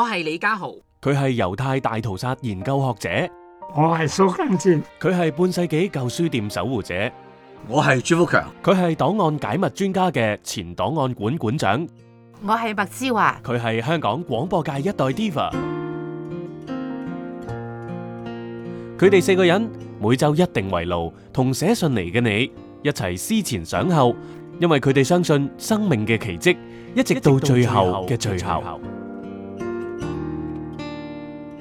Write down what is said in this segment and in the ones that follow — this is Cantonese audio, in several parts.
我係李家豪，佢係猶太大屠殺研究學者。我係蘇根志，佢係半世紀舊書店守護者。我係朱福強，佢係檔案解密專家嘅前檔案館館長。我係麥之華，佢係香港廣播界一代 Diva。佢哋四個人每周一定圍爐同寫信嚟嘅你一齊思前想後，因為佢哋相信生命嘅奇跡一直到最後嘅最後。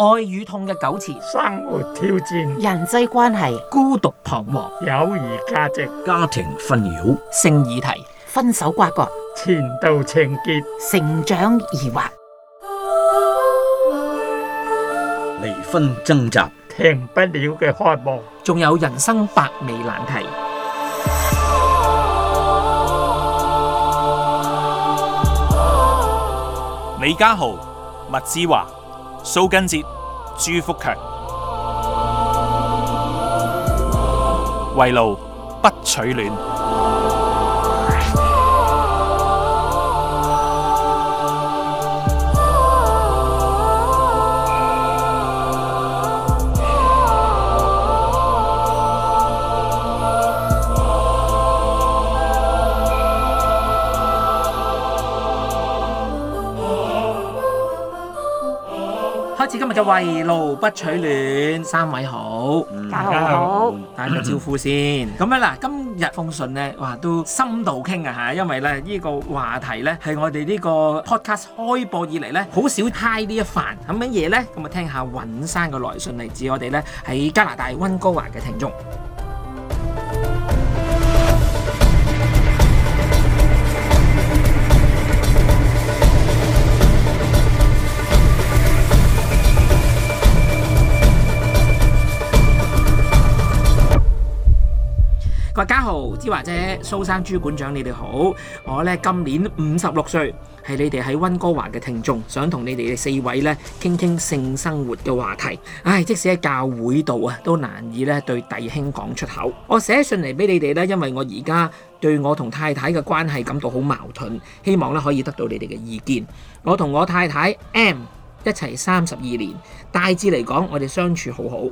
愛與痛嘅糾纏，生活挑戰，人際關係，孤獨彷徨，友誼價值，家庭紛擾，性議題，分手瓜葛，前度情結，成長疑惑，離婚掙扎，停不了嘅渴望，仲有人生百味難題。李家豪，麥之華。蘇根哲：朱福強，為奴不取暖。我就圍爐不取暖，三位好，大家好，大家打個招呼先。咁啊嗱， 今日封信咧，哇都深度傾啊嚇，因為咧呢個話題咧係我哋呢個 podcast 開播以嚟咧好少嘆呢一番咁嘅嘢咧。咁啊，聽下尹生嘅來信嚟自我哋咧喺加拿大溫哥華嘅聽眾。麥家豪、之華姐、蘇生、朱館長，你哋好！我呢，今年五十六歲，係你哋喺溫哥華嘅聽眾，想同你哋四位呢傾傾性生活嘅話題。唉，即使喺教會度啊，都難以呢對弟兄講出口。我寫信嚟俾你哋呢，因為我而家對我同太太嘅關係感到好矛盾，希望呢可以得到你哋嘅意見。我同我太太 M 一齊三十二年，大致嚟講，我哋相處好好。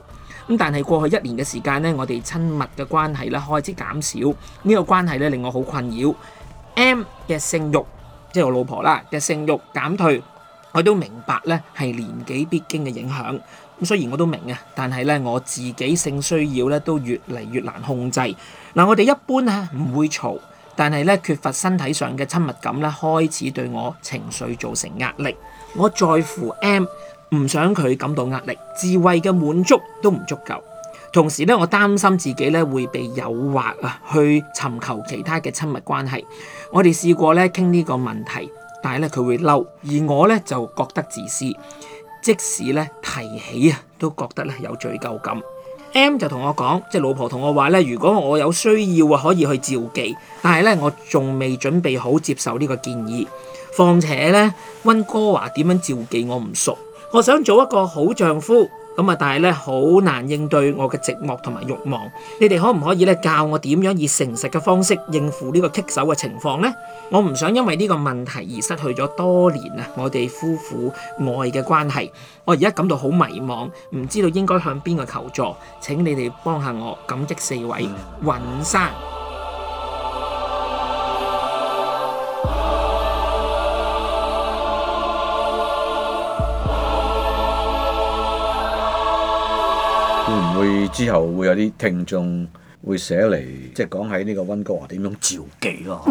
咁但係過去一年嘅時間呢，我哋親密嘅關係咧開始減少，呢個關係咧令我好困擾。M 嘅性慾，即係我老婆啦嘅性慾減退，我都明白咧係年紀必經嘅影響。咁雖然我都明啊，但係咧我自己性需要咧都越嚟越難控制。嗱，我哋一般咧唔會嘈，但係咧缺乏身體上嘅親密感咧開始對我情緒造成壓力。我在乎 M。唔想佢感到壓力，自慰嘅滿足都唔足夠。同時咧，我擔心自己咧會被誘惑啊，去尋求其他嘅親密關係。我哋試過咧傾呢個問題，但係咧佢會嬲，而我咧就覺得自私。即使咧提起啊，都覺得咧有罪疚感。M 就同我講，即係老婆同我話咧，如果我有需要啊，可以去召妓，但係咧我仲未準備好接受呢個建議。況且咧，溫哥華點樣召妓我唔熟。我想做一個好丈夫，咁啊，但係咧好難應對我嘅寂寞同埋慾望。你哋可唔可以咧教我點樣以誠實嘅方式應付呢個棘手嘅情況呢？我唔想因為呢個問題而失去咗多年啊，我哋夫婦愛嘅關係。我而家感到好迷茫，唔知道應該向邊個求助，請你哋幫下我。感激四位尹生。會唔會之後會有啲聽眾會寫嚟，即係講喺呢個溫哥華點樣召妓咯？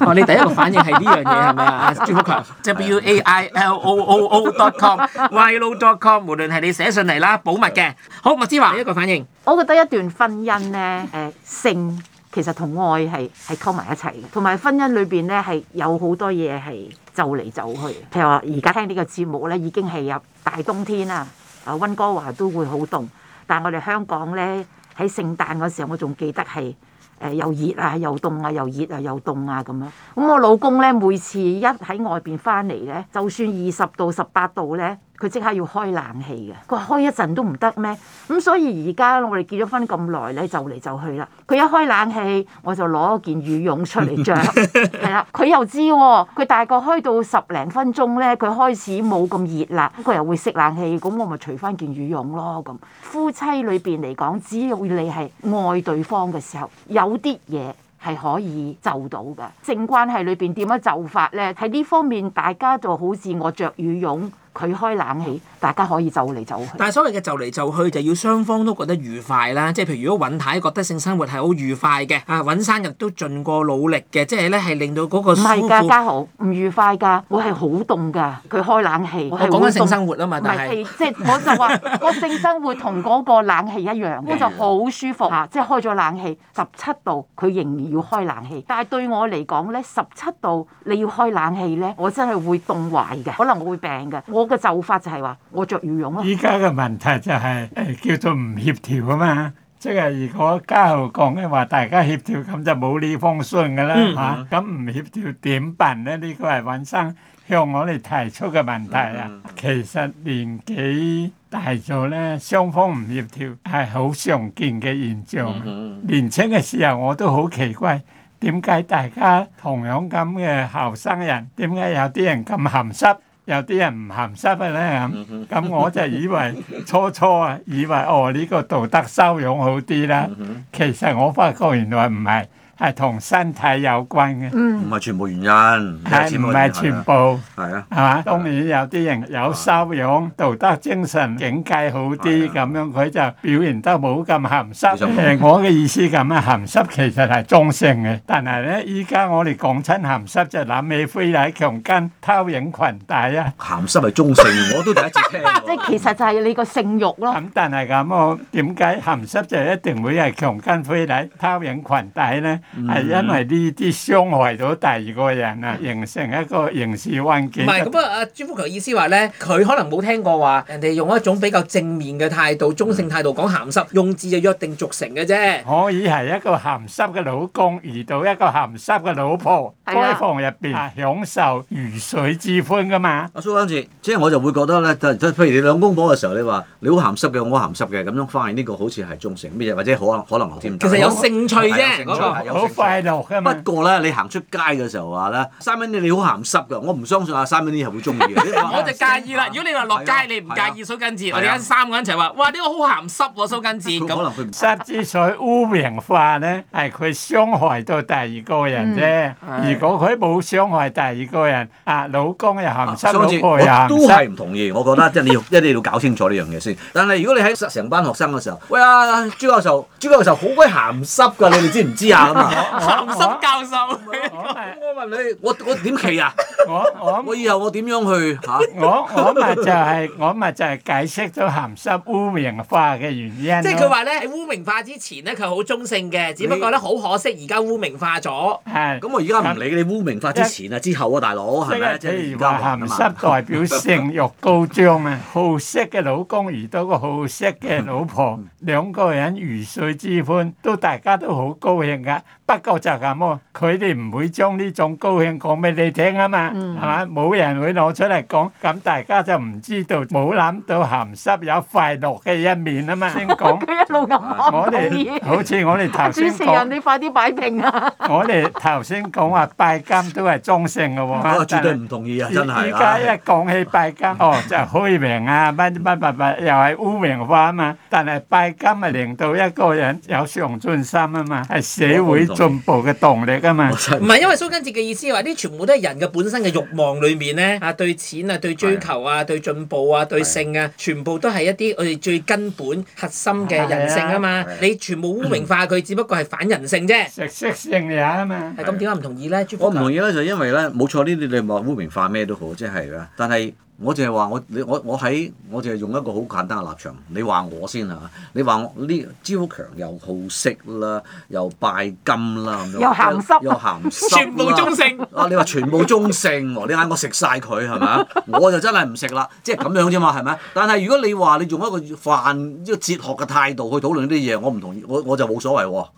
哦，你第一個反應係呢樣嘢係咪啊？朱福強，wailoo dot com，wailoo dot com，無論係你寫上嚟啦，保密嘅。好，麥之華，一個反應。我覺得一段婚姻咧，誒性其實同愛係係溝埋一齊同埋婚姻裏邊咧係有好多嘢係就嚟就去。譬如話而家聽呢個節目咧，已經係入大冬天啦，啊溫哥華都會好凍。但我哋香港咧，喺聖誕嗰時候，我仲記得係誒、呃、又熱啊又凍啊又熱啊又凍啊咁樣。咁我老公咧每次一喺外邊返嚟咧，就算二十度十八度咧。佢即刻要開冷氣嘅，佢話開一陣都唔得咩？咁、嗯、所以而家我哋結咗婚咁耐咧，就嚟就去啦。佢一開冷氣，我就攞件羽絨出嚟著，係啦。 佢又知喎、哦，佢大概開到十零分鐘咧，佢開始冇咁熱啦，佢又會熄冷氣，咁我咪除翻件羽絨咯。咁夫妻裏邊嚟講，只要你係愛對方嘅時候，有啲嘢係可以就到嘅。性關係裏邊點樣就法咧？喺呢方面，大家就好似我著羽絨。佢開冷氣，大家可以就嚟就去。但係所謂嘅就嚟就去，就要雙方都覺得愉快啦。即係譬如如果尹太覺得性生活係好愉快嘅，啊尹生亦都盡過努力嘅，即係咧係令到嗰個舒服。唔係㗎，家豪，唔愉快㗎，我係好凍㗎。佢開冷氣，我講緊性生活啊嘛，但係即係我就話個性生活同嗰個冷氣一樣，我就好舒服嚇，即係開咗冷氣十七度，佢仍然要開冷氣。但係對我嚟講咧，十七度你要開冷氣咧，我真係會凍壞嘅，可能我會病嘅。我嘅就法就係話，我着羽絨咯。依家嘅問題就係、是、誒、欸、叫做唔協調啊嘛，即、就、係、是、如果家豪講嘅話，大家協調咁就冇呢封信噶啦嚇。咁唔、嗯啊、協調點辦咧？呢個係尹生向我哋提出嘅問題啊。嗯嗯、其實年紀大咗咧，雙方唔協調係好常見嘅現象。嗯嗯嗯、年青嘅時候我都好奇怪，點解大家同樣咁嘅後生人，點解有啲人咁鹹濕？有啲人唔鹹濕嘅咧，咁我就以為初初啊，以為哦呢個道德修養好啲啦，其實我發覺原來唔係。係同身體有關嘅，唔係全部原因，唔係全部，係啊，係嘛？當然有啲人有修養、道德精神、境界好啲，咁樣佢就表現得冇咁鹹濕。誒，我嘅意思咁啊，鹹濕其實係中性嘅，但係咧，依家我哋講親鹹濕就諗起非禮強姦偷影裙底啊！鹹濕係中性，我都第一次聽。即係其實就係你個性慾咯。咁但係咁啊，我點解鹹濕就一定會係強姦非禮偷影裙底咧？係因為呢啲傷害到第二個人啊，形成一個刑事環境。唔係咁啊！阿朱福強意思話咧，佢可能冇聽過話人哋用一種比較正面嘅態度、中性態度講鹹濕，用字就約定俗成嘅啫。可以係一個鹹濕嘅老公，遇到一個鹹濕嘅老婆，開房入邊享受魚水之歡噶嘛？阿蘇生志，即係我就會覺得咧，即係譬如你兩公婆嘅時候，你話你好鹹濕嘅，我好鹹濕嘅，咁樣反而呢個好似係中性乜嘢，或者可能可能添。其實有興趣啫。不過咧，你行出街嘅時候話咧，三蚊啲你好鹹濕㗎，我唔相信阿三蚊啲人會中意嘅。我就介意啦。如果你話落街，你唔介意蘇根志。我哋而家三個人一齊話，哇！呢個好鹹濕喎，蘇根志咁。可能佢唔。之所以污名化咧，係佢傷害到第二個人啫。如果佢冇傷害第二個人，啊老公又鹹濕嗰個人。都係唔同意。我覺得即係你一定要搞清楚呢樣嘢先。但係如果你喺成班學生嘅時候，喂啊，朱教授，朱教授好鬼鹹濕㗎，你哋知唔知啊？咁啊。鹹濕教授，我問你，我我點企啊？我我我以後我點樣去吓？我我咪就係，我咪就係解釋咗鹹濕污名化嘅原因。即係佢話咧，喺污名化之前咧，佢好中性嘅，只不過咧好可惜，而家污名化咗。係。咁我而家唔理你污名化之前啊之後啊，大佬係咪？即係鹹濕代表性慾高漲啊！好色嘅老公遇到個好色嘅老婆，兩個人魚水之歡，都大家都好高興噶。不過就係咁喎，佢哋唔會將呢種高興講俾你聽啊嘛，係嘛？冇人會攞出嚟講，咁大家就唔知道，冇諗到鹹濕有快樂嘅一面啊嘛，先講佢 一路咁講。我哋好似我哋頭先講 主持人，你快啲擺平啊！ 我哋頭先講話拜金都係中性嘅喎，我絕對唔同意啊！真係依家一講起拜金，哦，就虛名啊！乜乜乜又係污名化啊嘛！但係拜金啊，令到一個人有上進心啊嘛，係社會進步嘅動力啊嘛，唔係因為蘇根哲嘅意思話呢全部都係人嘅本身嘅慾望裏面咧啊， 對錢啊、對追求啊、 對進步啊、對性啊，全部都係一啲我哋最根本核心嘅人性啊嘛， 你全部污名化佢，只不過係反人性啫。食色性也啊嘛，係咁點解唔同意咧？我唔同意咧，就係、因為咧冇錯呢啲你話污名化咩都好，即係啦，但係。我就係話我你我我喺我就係用一個好簡單嘅立場，你話我先嚇，你話呢招強又好色啦，又拜金啦咁樣，又鹹濕，又鹹濕， 全部中性。啊，你話全部中性喎，你嗌我食晒佢係咪啊？我就真係唔食啦，即係咁樣啫嘛，係咪？但係如果你話你用一個泛即係哲學嘅態度去討論呢啲嘢，我唔同意，我我就冇所謂喎。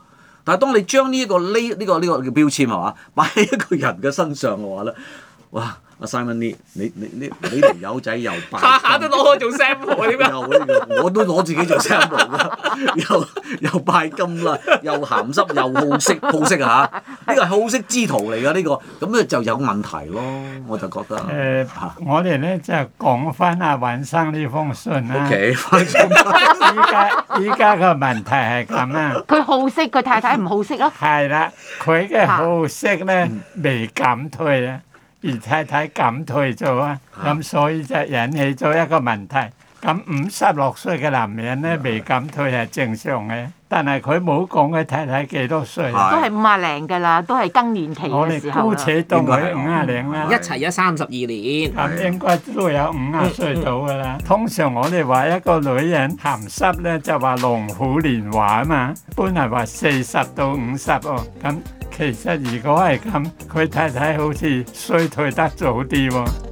但係當你將呢一個呢呢、呢個呢、呢個呢個叫標籤係嘛，擺喺一個人嘅身上嘅話咧，哇！阿 Simon 呢？你你你你條友仔又拜，下下都攞我做 sample 啊！點 我都攞自己做 sample 㗎。又又拜金啦，又鹹濕，又好色好色啊嚇！呢、這個係好色之徒嚟噶呢個，咁咧就有問題咯，我就覺得。誒、呃，啊、我哋咧就講翻阿尹生呢封信啦。O K，翻轉。依家依家個問題係咁啦。佢好色，佢太太唔好色咯。係啦，佢嘅好色咧未減退啊。嗯而太太減退咗啊，咁所以就引起咗一個問題，咁五十六歲嘅男人咧，未減退係、啊、正常嘅、啊。但係佢冇講佢太太幾多歲都多，都係五廿零嘅啦，都係更年期，我哋姑且當佢五廿零啦。一齊咗三十二年，咁、嗯、應該都有五廿歲到嘅啦。嗯、通常我哋話一個女人鹹濕咧，就話龍虎年華啊嘛，一般係話四十到五十哦。咁、嗯、其實如果係咁，佢太太好似衰退得早啲喎、哦。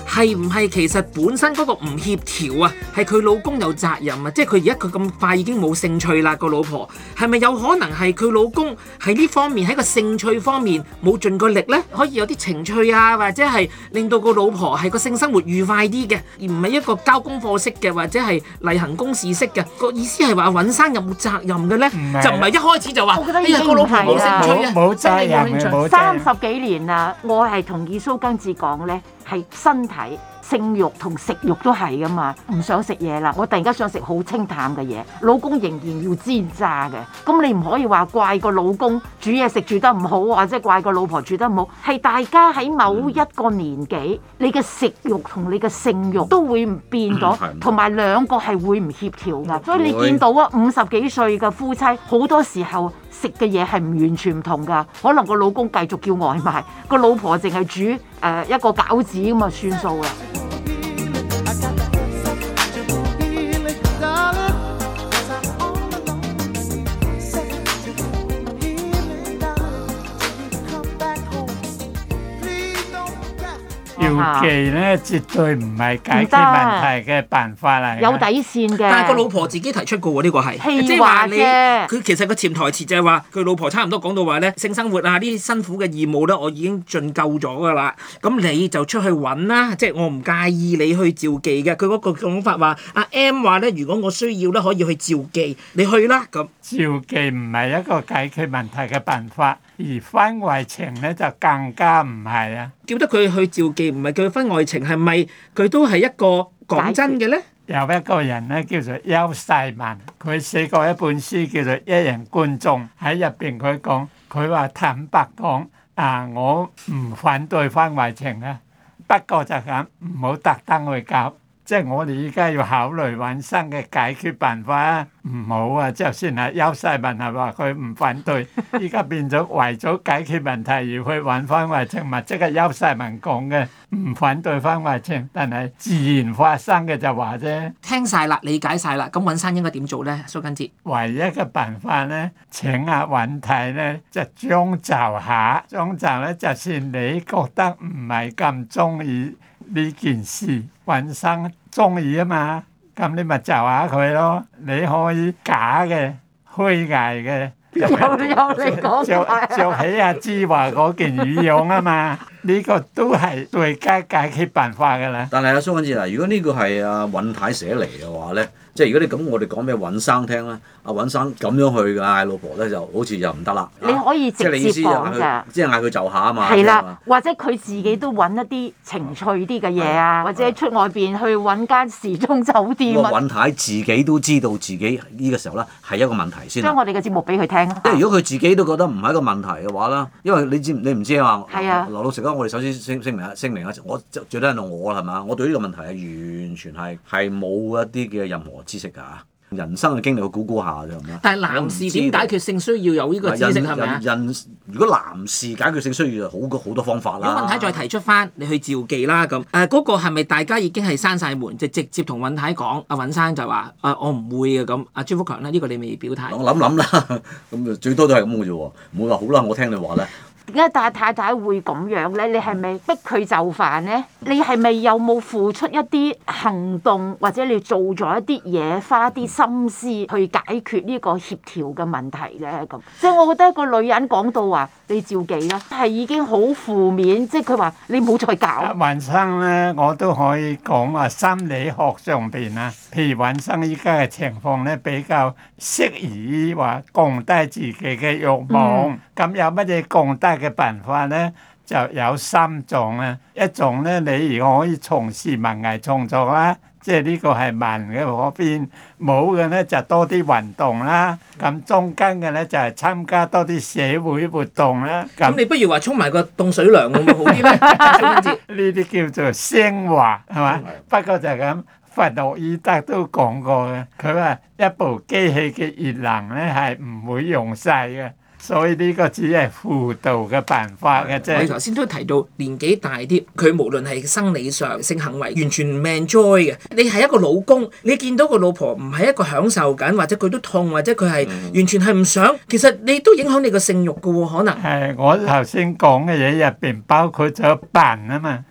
係唔係其實本身嗰個唔協調啊？係佢老公有責任啊？即係佢而家佢咁快已經冇興趣啦個老婆，係咪有可能係佢老公喺呢方面喺個興趣方面冇盡個力呢？可以有啲情趣啊，或者係令到個老婆係個性生活愉快啲嘅，而唔係一個交功課式嘅，或者係例行公事式嘅。這個意思係話尹生有冇責任嘅呢？啊、就唔係一開始就話呢個老婆冇興趣嘅，啊，冇責任嘅。三十幾年啦，我係同意蘇根智講呢。係身體性慾同食慾都係㗎嘛，唔想食嘢啦，我突然間想食好清淡嘅嘢，老公仍然要煎炸嘅，咁你唔可以話怪個老公煮嘢食煮得唔好或者怪個老婆煮得唔好，係大家喺某一個年紀，嗯、你嘅食慾同你嘅性慾都會唔變咗，同埋兩個係會唔協調㗎，嗯、所以你見到啊，五十幾歲嘅夫妻好多時候。食嘅嘢係唔完全唔同㗎，可能個老公繼續叫外賣，個老婆淨係煮一個餃子咁啊，算數㗎。召妓咧，絕對唔係解決問題嘅辦法嚟，有底線嘅。但係個老婆自己提出過喎，呢個係。即係話你，佢其實個潛台詞就係話，佢老婆差唔多講到話咧，性生活啊呢啲辛苦嘅義務咧，我已經盡夠咗㗎啦。咁你就出去揾啦，即係我唔介意你去召妓嘅。佢嗰個講法話，阿 M 話咧，如果我需要咧，可以去召妓，你去啦咁。召妓唔係一個解決問題嘅辦法，而婚外情咧就更加唔係啊。叫得佢去召妓，唔係叫佢婚外情，係咪佢都係一個講真嘅咧？有一個人咧叫做邱世文，佢寫過一本書叫做《一人觀眾》，喺入邊佢講，佢話坦白講啊，我唔反對婚外情啊，不過就咁唔好特登去搞。即係我哋依家要考慮尹生嘅解決辦法啊！唔好啊，之後先啊，邱世文係話佢唔反對，依家 變咗為咗解決問題而去揾翻為政物，即係邱世文講嘅唔反對翻為政，但係自然發生嘅就話啫。聽晒啦，理解晒啦，咁尹生應該點做咧？蘇根哲唯一嘅辦法咧，請阿、啊、尹太咧，即係將就下，將就咧，就算你覺得唔係咁中意。呢件事尹生中意啊嘛，咁你咪就下佢咯。你可以假嘅虛偽嘅，着着起阿之華嗰件羽絨啊嘛。 呢個都係最佳解決辦法㗎啦。但係阿蘇文志嗱，如果呢個係阿尹太寫嚟嘅話咧，即係如果你咁，我哋講俾阿尹生聽咧，阿尹生咁樣去嗌老婆咧，就好似又唔得啦。你可以直接講㗎，即係嗌佢就下啊嘛。係啦，或者佢自己都揾一啲情趣啲嘅嘢啊，或者出外邊去揾間時鐘酒店。阿尹太自己都知道自己呢個時候咧係一個問題先。將我哋嘅節目俾佢聽。即係如果佢自己都覺得唔係一個問題嘅話啦，因為你知你唔知啊，劉老我哋首先聲明聲明一聲明一，我最多係我啦，係嘛？我對呢個問題係完全係係冇一啲嘅任何知識㗎，人生嘅經歷去估估下啫，係嘛？但係男士點解決性需要有呢個知識係咪人，人，人如果男士解決性需要，好好多方法啦。尹太，太再提出翻，你去召妓啦咁。誒，嗰、呃那個係咪大家已經係閂晒門，就直接同、啊、尹太講？阿尹生就話：，啊，我唔會嘅咁。阿、啊、朱福強咧，呢、這個你未表態。我諗諗啦，咁最多都係咁嘅啫喎，唔會話好啦，我聽你話咧。嗯嗯而家大太太會咁樣咧？你係咪逼佢就範咧？你係咪有冇付出一啲行動，或者你做咗一啲嘢，花啲心思去解決呢個協調嘅問題咧？咁，所以我覺得一個女人講到話你照記啦，係已經好負面。即係佢話你冇再搞。阿尹生咧，我都可以講話心理學上邊啊。譬如尹生依家嘅情況咧，比較，適宜話降低自己嘅慾望，咁、嗯、有乜嘢降低嘅辦法咧？就有三種啊，一種咧你如果可以從事文藝創作啦，即係呢個係文嘅嗰邊；冇嘅咧就多啲運動啦、啊，咁中間嘅咧就係、是、參加多啲社會活動啦、啊。咁你不如話沖埋個凍水涼咁樣好啲咧？呢啲叫做昇華係嘛？不過、嗯、就係咁。佛洛伊德都講過嘅，佢話一部機器嘅熱能咧係唔會用晒嘅，所以呢個只係輔導嘅辦法嘅啫。我頭先都提到年紀大啲，佢無論係生理上性行為完全唔 enjoy 嘅，你係一個老公，你見到個老婆唔係一個享受緊，或者佢都痛，或者佢係完全係唔想，其實你都影響你個性慾嘅喎，可能。係我頭先講嘅嘢入邊包括咗扮啊嘛。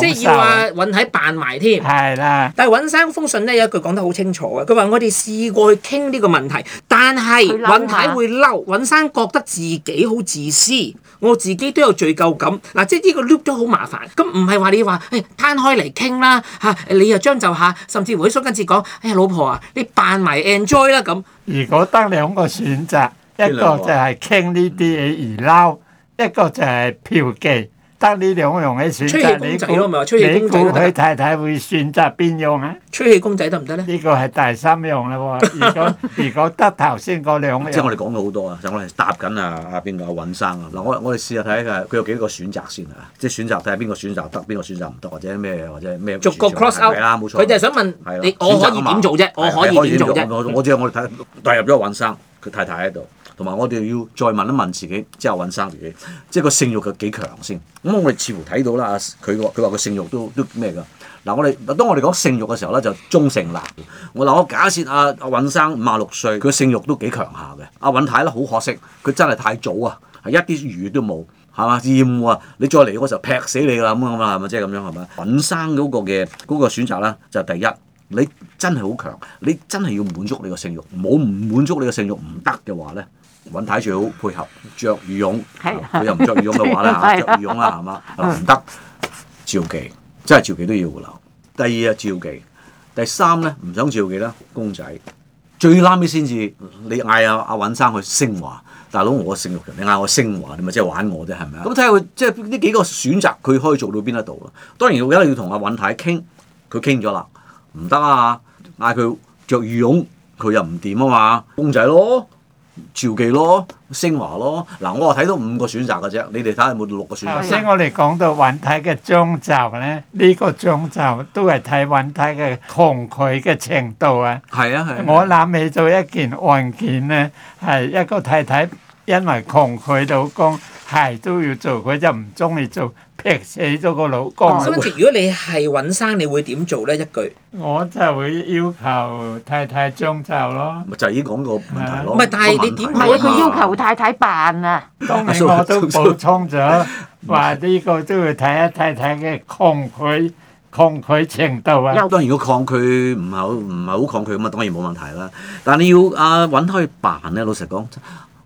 即係要阿尹太扮埋添，係啦的。但係尹生封信咧有一句講得好清楚嘅，佢話我哋試過去傾呢個問題，但係尹太會嬲，尹生覺得自己好自私，我自己都有罪疚感。嗱，即係呢個 loop 都好麻煩。咁唔係話你話，誒、欸、攤開嚟傾啦嚇，你又將就，就下，甚至乎啲蘇跟根志講，哎、欸、呀老婆啊，你扮埋 enjoy 啦咁。如果得兩個選擇，一個就係傾呢啲嘢而嬲，一個就係嫖妓。得呢兩樣嘅選擇，你你佢太太會選擇邊樣啊？吹氣公仔得唔得咧？呢個係第三樣啦喎！如果如果得頭先嗰兩，即係我哋講咗好多啊！就我哋搭緊啊阿邊個阿尹生啊嗱，我我哋試下睇下，佢有幾多個選擇先啊！即係選擇睇下邊個選擇得，邊個選擇唔得，或者咩或者咩逐個 cross out 啦，冇錯。佢就係想問你我可以點做啫？我可以做我知我哋睇代入咗尹生，佢太太喺度。同埋我哋要再問一問自己，之後尹生嘅，即係個性慾嘅幾強先。咁、嗯、我哋似乎睇到啦，阿佢話佢話個性慾都都咩㗎？嗱、啊，我哋當我哋講性慾嘅時候咧，就中性男、嗯。我嗱，我假設阿阿尹生五十六歲，佢嘅性慾都幾強下嘅。阿、啊、尹太咧好可惜，佢真係太早啊，係一啲餘熱都冇，係嘛厭喎！你再嚟嗰時候劈死你啦咁啊嘛，係咪即係咁樣係咪？尹生嗰個嘅嗰、嗰個選擇啦，就係、第一，你真係好強，你真係要滿足你個性慾，冇唔滿足你個性慾唔得嘅話咧。尹太最好配合着羽絨，佢又唔着羽絨嘅話咧吓，着羽絨啦係嘛，嗱唔得召妓，真係召妓都要㗎啦。第二啊召妓，第三咧唔想召妓啦，公仔最啱 a 先至，你嗌阿阿尹生去升華，大佬我性慾，你嗌我升華，你咪即係玩我啫係咪啊？咁睇下佢即係呢幾個選擇，佢可以做到邊一度咯。當然而家要同阿尹太傾，佢傾咗啦，唔得啊，嗌佢着羽絨，佢又唔掂啊嘛，公仔咯。朝記咯，之華咯。嗱，我又睇到五個選擇㗎啫，你哋睇下有冇六個選擇？頭先我哋講到尹太嘅將就咧，呢、呢個將就都係睇尹太嘅抗拒嘅程度啊。係啊係。啊啊啊我諗起咗一件案件咧，係一個太太因為抗拒到公。係都要做，佢就唔中意做，劈死咗個老公。咁、嗯，如果你係尹生，你會點做咧？一句 我真係會要求太太將就咯。咪就已依講個問題咯。唔係，但係你點唔一啊？要求太太扮啊。當然我都補充咗，話呢個都要睇一睇睇嘅抗拒抗拒程度啊。當然，如果抗拒唔係好唔係好抗拒咁啊，當然冇問題啦。但係你要啊揾佢扮咧，老實講。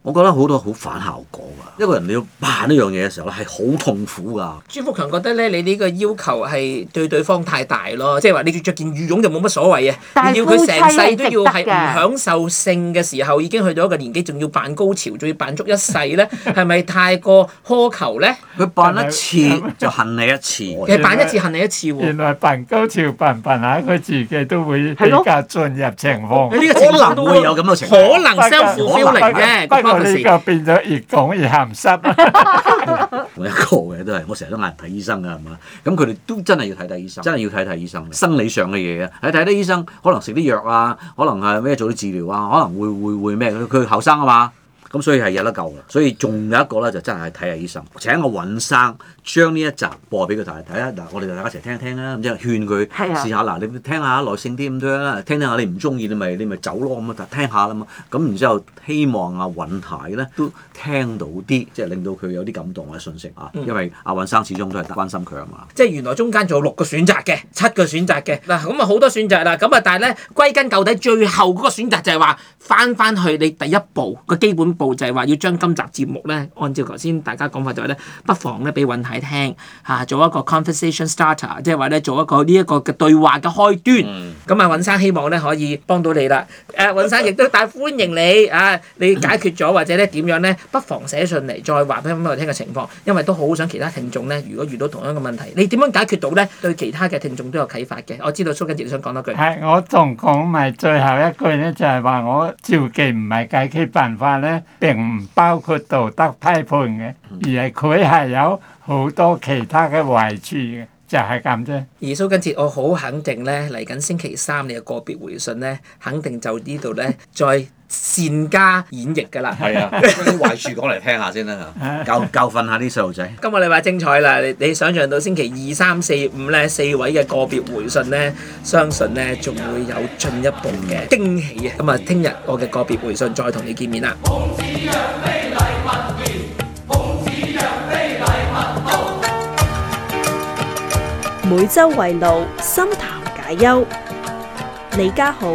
我覺得好多好反效果㗎，一個人你要扮呢樣嘢嘅時候咧，係好痛苦㗎。朱福強覺得咧，你呢個要求係對對方太大咯，即係話你着件羽絨就冇乜所謂啊，要佢成世都要係唔享受性嘅時候，已經去到一個年紀，仲要扮高潮，仲要扮足一世咧，係咪太過苛求咧？佢扮一次就恨你一次，來其實扮一次恨你一次喎。原來扮高潮扮唔扮下，佢自己都會比較進入情況。呢個可能會有咁嘅情況，可能相互 l f 啫。呢個變咗越講越鹹濕，每一個嘅都係，我成日都嗌人睇醫生㗎，係嘛？咁佢哋都真係要睇睇醫生，真係要睇睇醫生。生理上嘅嘢啊，你睇睇醫生，可能食啲藥啊，可能係咩做啲治療啊，可能會會會咩？佢佢後生啊嘛。咁所以係有得救嘅，所以仲有一個咧就真係睇下醫生。請阿尹生將呢一集播俾佢睇睇啊！嗱，我哋大家一齊聽一聽啦。然即係勸佢試下嗱的，你聽下耐性啲咁聽啦，聽聽下你唔中意你咪你咪走咯咁啊！聽下啦嘛，咁然之後希望阿尹太咧都聽到啲，即係令到佢有啲感動嘅信息啊，因為阿尹生始終都係關心佢啊嘛。即係、嗯、原來中間仲有六個選擇嘅，七個選擇嘅嗱，咁啊好多選擇啦，咁啊但係咧歸根究底，最後嗰個選擇就係話翻翻去你第一步個基本。就係話要將今集節目咧，按照頭先大家講法就係咧，不妨咧俾尹太聽吓，做一個 conversation starter，即係話咧做一個呢一個嘅對話嘅開端。咁啊，尹生希望咧可以幫到你啦。誒，尹生亦都大歡迎你啊！你解決咗或者咧點樣咧，不妨寫信嚟再話俾我聽個情況，因為都好想其他聽眾咧，如果遇到同樣嘅問題，你點樣解決到咧？對其他嘅聽眾都有啟發嘅。我知道蘇金柱想講多句。係，我仲講埋最後一句咧，就係話我召妓唔係解決辦法咧。並唔包括道德批判嘅，而係佢係有好多其他嘅壞處嘅，就係咁啫。耶叔。今次我好肯定咧，嚟緊星期三你嘅個別回信咧，肯定就呢度咧再。善加係啊，演繹嘅啦，啲壞處講嚟聽下先啦，教教訓下啲細路仔。今日禮拜精彩啦，你你想像到星期二三四五咧，四位嘅個別回信咧，相信咧仲會有進一步嘅驚喜嘅。咁啊，聽日我嘅個別回信再同你見面啦。每週為路深談解憂，李家豪。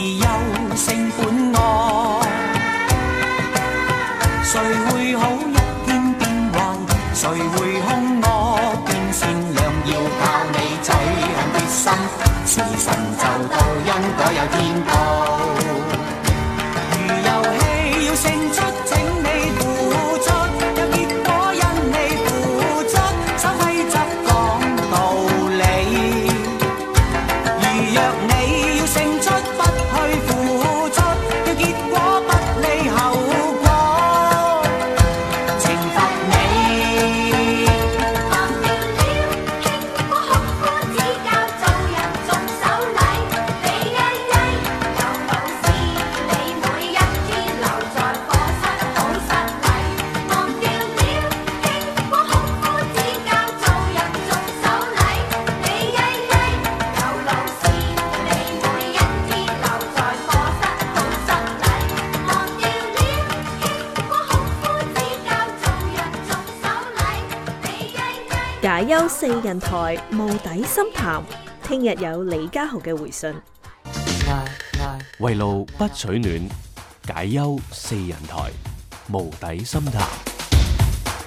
四人台無底深談，聽日有李家豪嘅回信。圍爐不取暖，解憂四人台無底深談，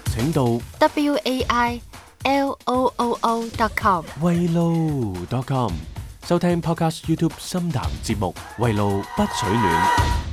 請到 wai l o o o dot com，圍爐 dot com 收聽 Podcast YouTube 深談節目，圍爐不取暖。